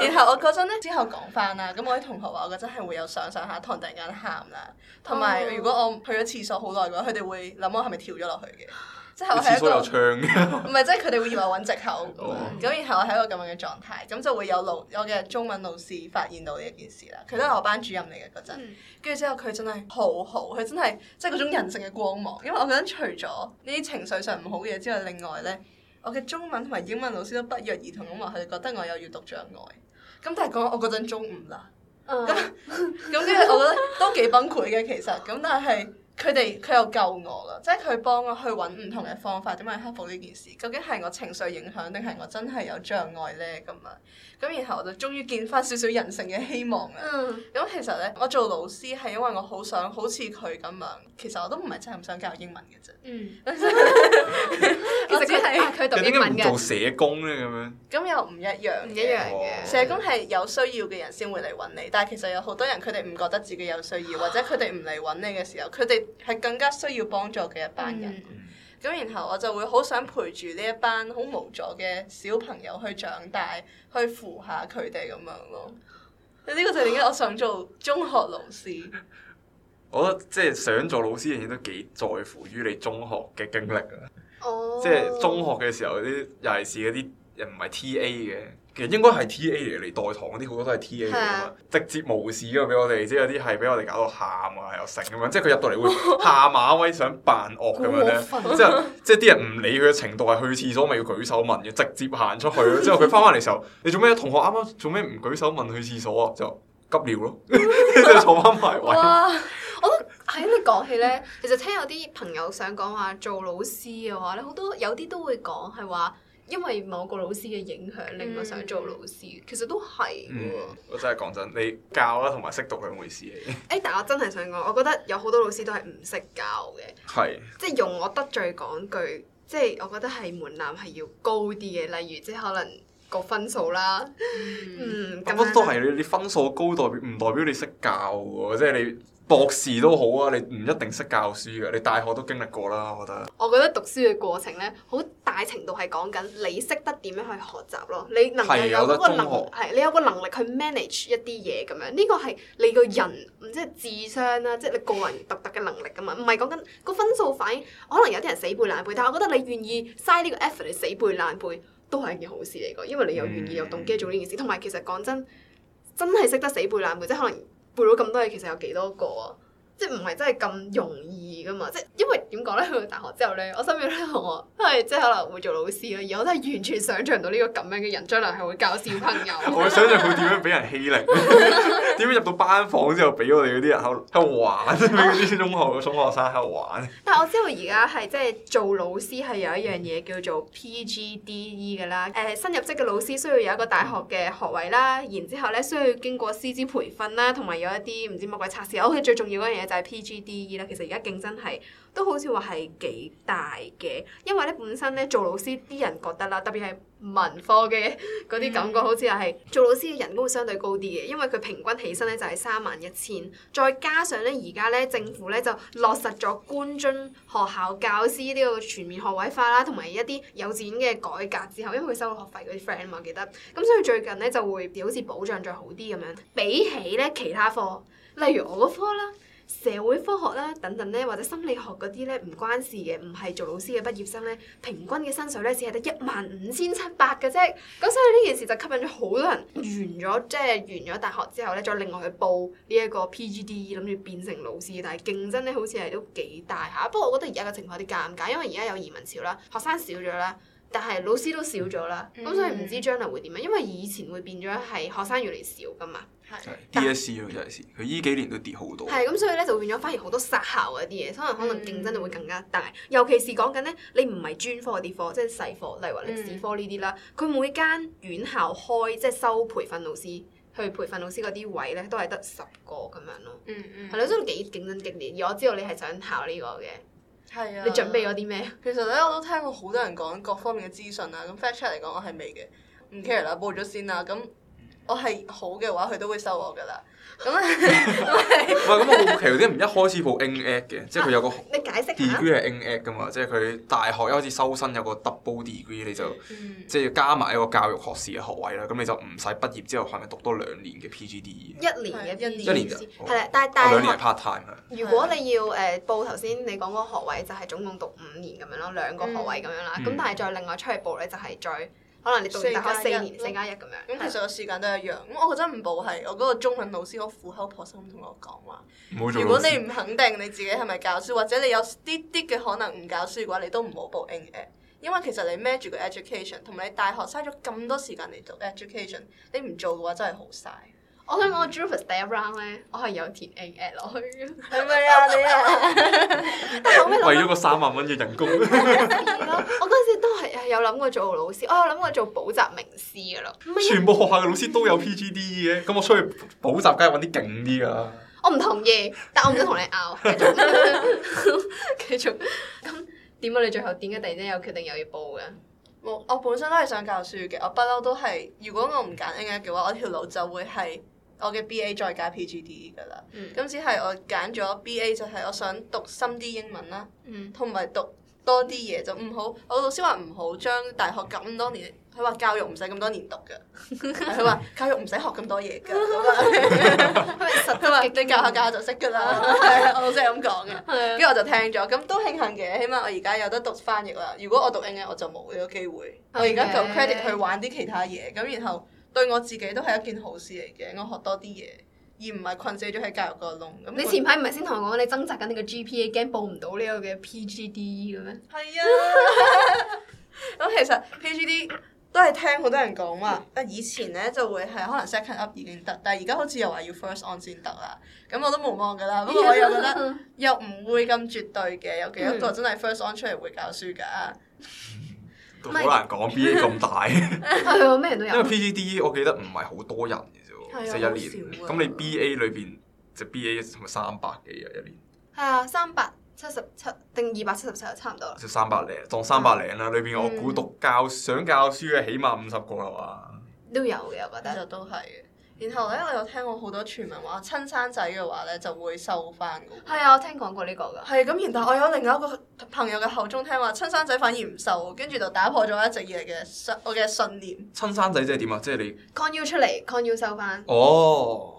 然後我嗰陣呢，之後講翻啦，咁我啲同學話我嗰陣係會有上上下堂突然間喊啦，同埋如果我去咗廁所好耐嘅話，佢哋會諗我係咪跳咗落去嘅。之後係一個，唔係即係佢哋會以為我揾藉口咁樣，咁 然後我喺一個咁樣嘅狀態，咁就會有老我嘅中文老師發現到呢一件事咧，佢都係我班主任嚟嘅嗰陣，跟住、嗯、之後佢真係好好，佢真係即係嗰種人性嘅光芒，因為我覺得除咗呢啲情緒上唔好嘅嘢之外，另外呢，我嘅中文同埋英文老師都不約而同咁話佢哋覺得我有閱讀障礙，咁但係講我嗰陣中五啦，咁咁跟住我覺得都幾崩潰嘅其實，咁但係。佢哋佢又救我啦，即係佢幫我去揾唔同嘅方法點樣去克服呢件事。究竟係我情緒影響定係我真係有障礙呢？咁樣？咁然後我就終於見翻少少人性嘅希望啦。咁、嗯、其實呢，我做老師係因為我好想好似佢咁樣。其實我都唔係真係唔想教英文嘅啫。嗯 佢點解唔做社工咧？咁樣咁又唔一樣，唔一樣嘅、哦、社工係有需要嘅人先會嚟揾你，但係其實有好多人佢哋唔覺得自己有需要，或者佢哋唔嚟揾你嘅時候，佢哋係更加需要幫助嘅一班人。咁、嗯、然後我就會好想陪住呢一班好無助嘅小朋友去長大，去扶下佢哋咁樣咯。呢、呢個就點解我想做中學老師？ 我覺得即係、就是、想做老師，亦都幾在乎於你中學嘅經歷啊。哦、即係中學嘅時候嗰啲，尤其係嗰啲又唔係 T A 嘅，其實應該係 T A 嚟嚟代堂嗰啲，好多都係 T A 嚟噶嘛。是啊、直接無視咁俾我哋，即係有啲係俾我哋搞到喊啊又成咁、啊哦、樣，即係佢入到嚟會下馬威，想扮惡咁樣啫，之後即係啲人唔理佢嘅程度，係去廁所咪要舉手問嘅，直接行出去咯。之後佢翻翻嚟時候，你做咩？同學啱啱做咩唔舉手問去廁所啊？就急尿咯， 跟住就坐翻埋位。我喺你講起咧，其實聽有啲朋友想講話做老師嘅話咧，你好多有啲都會講係話，因為某個老師嘅影響令我、嗯、想做老師，其實都係喎、嗯。我真係講真，你教啦同埋識讀兩回事嚟。誒、欸，但我真係想講，我覺得有好多老師都係唔識教嘅。係是。即係用我得罪講句，即係我覺得係門檻係要高啲嘅，例如即係可能個分數啦。嗯，咁、嗯、都係你分數高代表唔代表你識教喎？即係你。博士都好啊，你唔一定識教書嘅，你大學都經歷過啦，我覺得。我覺得讀書嘅過程呢，好大程度係講緊你識得點樣去學習咯，你能夠有個能，係你有個能力去 manage 一啲嘢咁樣，呢個係你個人，嗯、即係智商啦、啊，即係你個人獨特嘅能力噶啊。唔係講緊個分數反映。可能有啲人死背爛背，但我覺得你願意嘥呢個 effort 你死背爛背，都係一件好事嚟噶，因為你又願意又動機做呢件事。同埋、嗯、其實講真，真係識得死背爛背，即可能。背到咁多嘢，其實有幾多個啊？即係唔係真係咁容易？噶嘛，即係因為點講咧？去到大學之後呢，我身邊啲同學都係即可能會做老師啦，而我都係完全想象唔到呢個咁樣嘅人，將來係會教小朋友。 我會想象佢點樣俾人欺凌，點 樣入到班房之後俾我哋嗰啲人喺度玩，俾嗰啲中學中學生喺度玩。但我知道而家係即係做老師係有一樣嘢叫做 PGDE 噶啦，誒、呃、新入職嘅老師需要有一個大學嘅學位啦，然之後呢，需要經過師資培訓啦，同埋有一啲唔知乜鬼測試。我覺得最重要嗰樣嘢就係 PGDE 啦。其實而家競爭，係都好似話係幾大嘅，因為呢本身呢做老師啲人覺得啦，特別係文科嘅嗰啲感覺好，好似又係做老師嘅人工會相對高啲嘅，因為佢平均起薪呢就係、是、三萬一千，再加上呢，而家呢政府呢就落實咗官津學校教師呢、呢個全面學位化啦，同埋一啲幼稚園嘅改革之後，因為佢收咗學費嗰啲 friend 啊嘛，我記得，咁所以最近呢就會好似保障再好啲咁樣，比起呢其他科，例如我嗰科啦。社會科學啦等等咧，或者心理學嗰啲咧唔關事嘅，唔係做老師嘅畢業生咧，平均嘅薪水咧只係得一萬五千七百嘅啫。咁所以呢件事就吸引咗好多人完咗，即係完咗大學之後咧，再另外去報呢一個 PGDE，諗住變成老師，但係競爭咧好似係都幾大吓。不過我覺得而家嘅情況有啲尷尬，因為而家有移民潮啦，學生少咗啦。但係老師都少咗啦，咁、嗯嗯、所以唔知將來會點啊？因為以前會變咗係學生越嚟少噶嘛。係 DSE 咯，DSE 佢依幾年都跌好多。係咁，所以呢，就會變咗，反而好多殺校嗰啲嘢，可能可能競爭就會更加大。尤其是講緊呢，你唔係專科嗰啲科，即係細科，例如話歷史科呢啲啦。佢每間院校開即係、就是、收培訓老師，去培訓老師嗰啲位呢，都係得十個咁樣咯、嗯。嗯係咯，真係幾競爭激烈。而我知道你係想考呢個嘅。係啊，你準備咗啲咩？其實咧，我都聽過好多人講各方面嘅資訊啦。咁 fact check 嚟講我，我係未嘅，唔 care 啦，報咗先啦。咁。我係好嘅話，佢都會收我噶啦。咁 啊， 唔係咁我好奇，有啲唔一開始報 ENG 嘅，即係佢有個、啊。你解釋下。degree 係 ENG 噶嘛？即係佢大學一開始收生有個 double degree，你就、嗯、即係加埋一個教育學士嘅學位啦。咁你就唔使畢業之後係咪讀多兩年嘅 PGDE？一年嘅一年。一年就係啦，但係大學兩年 part time。如果你要誒、呃、報頭先你講嗰個學位，就係、是、總共讀五年咁樣咯，兩個學位咁樣啦。咁、嗯嗯、但係再另外出去報咧，就係、是、再。可能你讀大學四年，四加一咁樣，咁、嗯、的其實個時間都一樣。咁我覺得唔報係我嗰個中文老師好苦口婆心同我講話，如果你唔肯定你自己係咪教書，或者你有啲啲嘅可能唔教書嘅話，你都唔好報 e n s，因為其實你孭住個 education，同埋你大學嘥咗咁多時間嚟讀 education，你唔做嘅話真係好嘥。我想講我 JUPAS 第一 round 呢，我係有填 A at 落去，係咪啊你啊？為咗個三萬蚊嘅人工， 我嗰陣時都係有諗過做老師，我有諗過做補習名師㗎喇。全部學校嘅老師都有 PGDE 嘅，咁 我出去補習梗係揾啲勁啲㗎啦。我唔同意，但我唔想同你拗，繼續， 繼續。咁點解你最後點解突然之間又決定又要報嘅？我我本身都係想教書嘅，我不嬲都係。如果我唔揀 A 嘅話，我條路就會係。我嘅 B A 再加 P G D 㗎啦，咁只係我揀咗 B A 就係我想讀深啲英文啦，同埋、嗯、讀多啲嘢就唔好，我老師話唔好將大學咁多年，佢話教育唔使咁多年讀㗎，佢話 教育唔使學咁多嘢㗎，佢話極端你教下教下就識㗎啦，係啦， 老師係咁講嘅，跟住我就聽咗，咁都慶幸嘅，起碼我而家有得讀翻譯啦。如果我讀英語我就冇呢個機會，Okay. 我而家夠 credit 去玩啲其他嘢，咁然後。對我自己都係一件好事嚟嘅，我學多啲嘢，而唔係困死咗喺教育個窿。咁你前排唔係先同我講你掙扎緊你 PA, 個 GPA 驚報唔到呢個嘅 PGDE 嘅咩？係啊，咁 其實 PGD 都係聽好多人講話，啊，以前呢就會係可能 second up 已經得，但係而家好似又話要 first on 先得啦。咁我都冇望噶啦， 不過我又覺得又唔會咁絕對嘅，有幾多個真係 first on 出嚟會教書噶。 好 難講，BA 咁大，係咩都有。因為 PGDE 我記得唔係好多人嘅啫喎，即 一年。咁 你 BA 裏邊即 BA 係咪三百幾啊一年？係 啊，三百七十七定二百七十七差唔多啦。即三百零當三百零啦，裏邊、嗯、我估讀教想教書嘅起碼五十個係嘛？都有嘅，我覺得都係。然後呢，我有聽過好多傳聞話親生仔嘅話呢就會收翻。係啊，我聽講過呢個㗎。係啊，咁然後我有另外一個朋友嘅口中聽話親生仔反而唔收，跟住就打破咗我一直以來嘅信我嘅信念。親生仔即係點啊？即係你 con you 出嚟，con you 收翻。哦。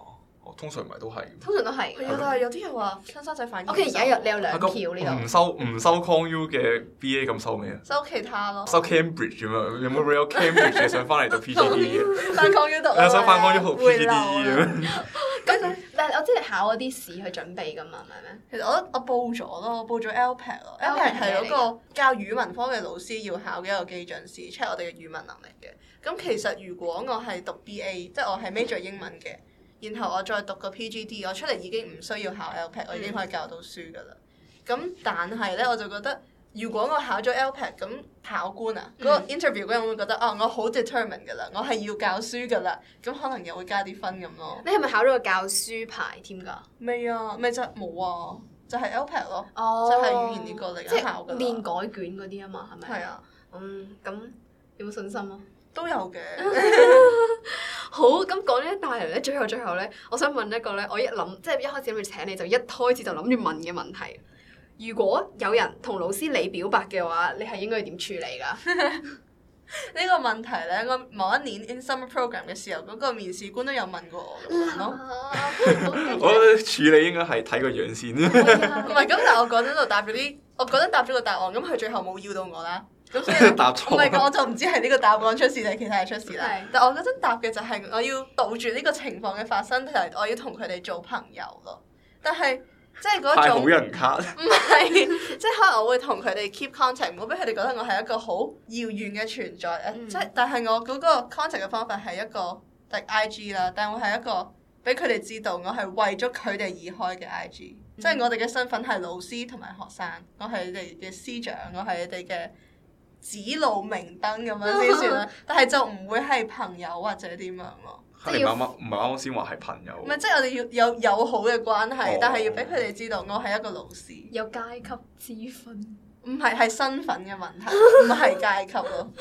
通常咪都係，通常都係。係啊，但係有啲人話新生仔反，我見而家日你有兩條呢度。唔收唔收 con u 嘅 b a 咁收咩啊？收其他咯。收 Cambridge 有冇有冇 real Cambridge 想翻嚟讀 P G D E？翻 con u 讀啊。想翻 con u 學 P G D E 啊？咁但係我知嚟考嗰啲試去準備㗎嘛，係咪咩？其實我我報咗咯，報咗 LPAT 咯，LPAT 係嗰個教語文科嘅老師要考嘅一個基準試，check 我哋嘅語文能力嘅。咁其實如果我係讀 b a，即係我係 major 英文嘅。然後我再讀個 PGD，我出嚟已經唔需要考 LPAC，我已經可以教到書噶啦。咁、嗯、但係呢，我就覺得如果我考咗 LPAC，咁考官啊，嗰、那個 interview 嗰個人會覺得、嗯、哦，我好 determined 噶啦，我係要教書噶啦，咁可能又會加啲分咁咯。你係咪考咗個教書牌添噶？未啊，咩啫？冇啊，就係 LPAC 咯，就係語言呢個嚟考嘅。即係練改卷嗰啲啊嘛，係咪？係啊，嗯，咁有冇信心啊？都有嘅， 好咁講呢？但係呢，最後最後呢，我想問一個呢。我一諗即係一開始諗住請你就一開始就諗住問嘅問題。如果有人同老師你表白嘅話，你係應該點處理㗎？呢 個問題呢，我某一年 in summer program 嘅時候，嗰、嗰個面試官都有問過我。我覺得處理應該係睇個樣先、 哦。唔係咁，但係 我嗰陣就答咗啲，我嗰陣答咗個答，答案，咁佢最後冇要到我啦。咁所以我答錯，我咪講我就唔知係呢個答案出事定係其他人出事啦。 但我覺得答嘅就係我要杜絕呢個情況嘅發生，同、就、埋、是、我要同佢哋做朋友咯。但係即係嗰種好人卡，唔係即係可能我會同佢哋 keep contact，唔好俾佢哋覺得我係一個好遙遠嘅存在。即係、嗯就是、但係我嗰個 contact 嘅方法係一個的、就是、IG 啦，但係我係一個俾佢哋知道我係為咗佢哋而開嘅 IG，即係、嗯、我哋嘅身份係老師同埋學生，我係你哋嘅師長，我係你哋嘅指路明燈咁樣先算啦， 但係就唔會係朋友或者點樣咯。嚇你啱啱唔係啱啱先話係朋友？唔係，即係我哋要有友好嘅關係，oh. 但係要俾佢哋知道我係一個老師。有階級之分。唔係，係身份嘅問題，唔係階級咯。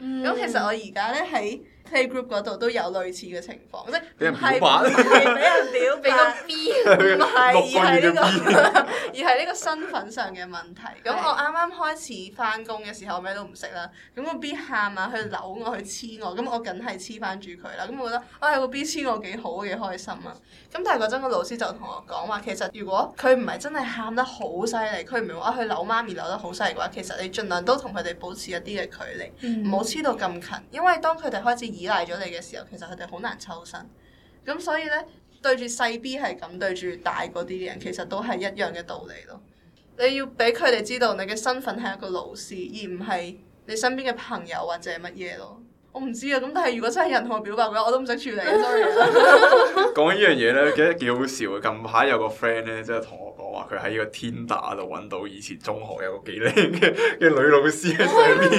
咁 其實我而家呢喺。Playgroup、hey、嗰度都有類似嘅情況，即係俾人板，俾是人屌，俾 個 B，唔係而係呢、這個而係呢個身份上嘅問題。咁的我啱啱開始翻工嘅時候，咩都唔識啦。咁個 B 喊啊，去扭我去黐我，咁我梗係黐翻住佢啦。咁我覺得，哇、哎！個 B 黐我幾好，幾開心啊！咁但係嗰陣個老師就同我講話，其實如果佢唔係真係喊得好犀利，佢唔係話去扭媽咪扭得好犀利嘅話，其實你儘量都同佢哋保持一啲嘅距離，唔好黐到咁近，因為當佢哋開始依賴咗你嘅時候，其實佢哋好難抽身。咁所以呢，對住細 B 係咁，對住大嗰啲嘅人，其實都係一樣嘅道理咯。你要俾佢哋知道，你嘅身份係一個老師，而唔係你身邊嘅朋友或者係乜嘢咯。我唔知啊。咁但係如果真係有人同我表白嘅，我都唔使處理。sorry 講呢樣嘢呢，記得幾好笑啊！近排有個 friend 呢，即係同我。話佢喺個天打度揾到以前中學有個幾靚嘅嘅女老師喺上面，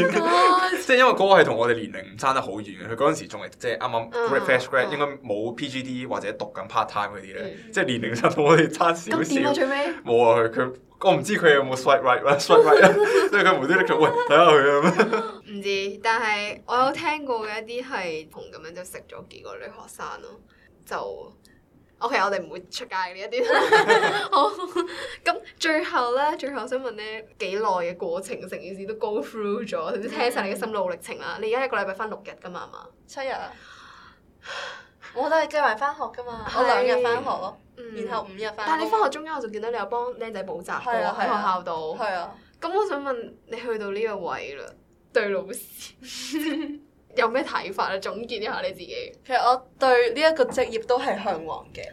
即係、啊、因為嗰個係同我哋年齡唔差得好遠嘅，佢嗰陣時仲係即係啱啱 grad fresh grad，e,、uh, grade 應該冇 PGD 或者讀緊 part time 嗰啲咧，嗯、即係年齡差同我哋差少少。咁點啊最屘？冇啊，佢佢、啊、我唔知佢有冇 swipe right swipe right，所以佢無端端佢喂睇下佢咁樣。唔知，但係我有聽過嘅一啲係同咁樣就識咗幾個女學生咯，就。O.K. 我哋唔會出街呢一啲。好，咁最後呢，最後我想問呢幾耐嘅過程，成件事都 go through 咗，都聽曬你嘅心路歷程啦。你而家一個禮拜翻六日㗎嘛？嘛，七日。我都係計埋翻學㗎嘛，我兩日翻學咯，然後五日翻學。但係你翻學中間，我就見到你有幫靚仔補習喎，喺學校度。係啊。咁我想問你去到呢個位啦，對老師，有咩睇法咧？總結一下你自己。其實我對呢一個職業都係向往嘅，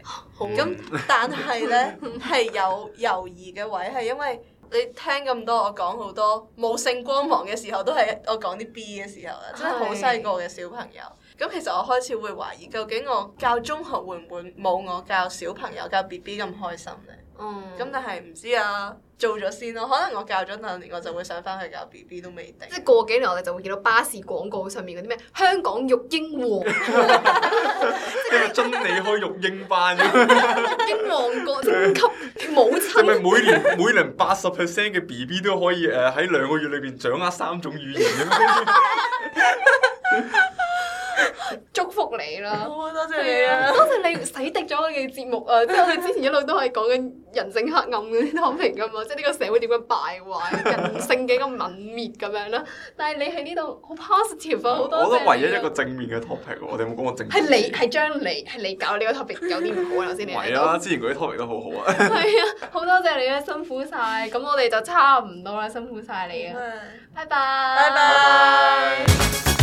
咁 但係咧，係有猶豫嘅位，係因為你聽咁多我講好多冇性光芒嘅時，時候，都係我講啲 B 嘅時候啦，真係好細個嘅小朋友。 咁其實我開始會懷疑，究竟我教中學會唔會冇我教小朋友教 B B 咁開心呢？咁、嗯、但係唔知啊，做咗先咯、啊。可能我教咗兩年，我就會想翻去教 B B 都未定。即係過幾年，我哋就會見到巴士廣告上面嗰啲咩香港育嬰王。即係真你開育嬰班。育嬰王國，啊、 王國級母親。係 咪每年每年八十 percent 嘅 B B 都可以誒喺兩個月裏邊掌握三種語言、啊 祝福你啦！好多謝你啊！多謝你，洗滌咗我嘅節目啊！即係我哋之前一路都係講緊人性黑暗嘅 topic 噶嘛，即係呢個社會點樣敗壞、 人性幾咁泯滅咁樣啦。但係你喺呢度好 positive 啊！好多謝。我覺得唯一一個正面嘅 topic 啊，我哋冇講過正面啊。係你係將你係你搞呢個 topic 有啲唔好啊！頭先你。唔係啊！之前嗰啲 topic 都好好啊。係 啊！好多謝你啊！辛苦晒！咁我哋就差唔多啦，辛苦晒你啊！拜拜。嗯。拜拜。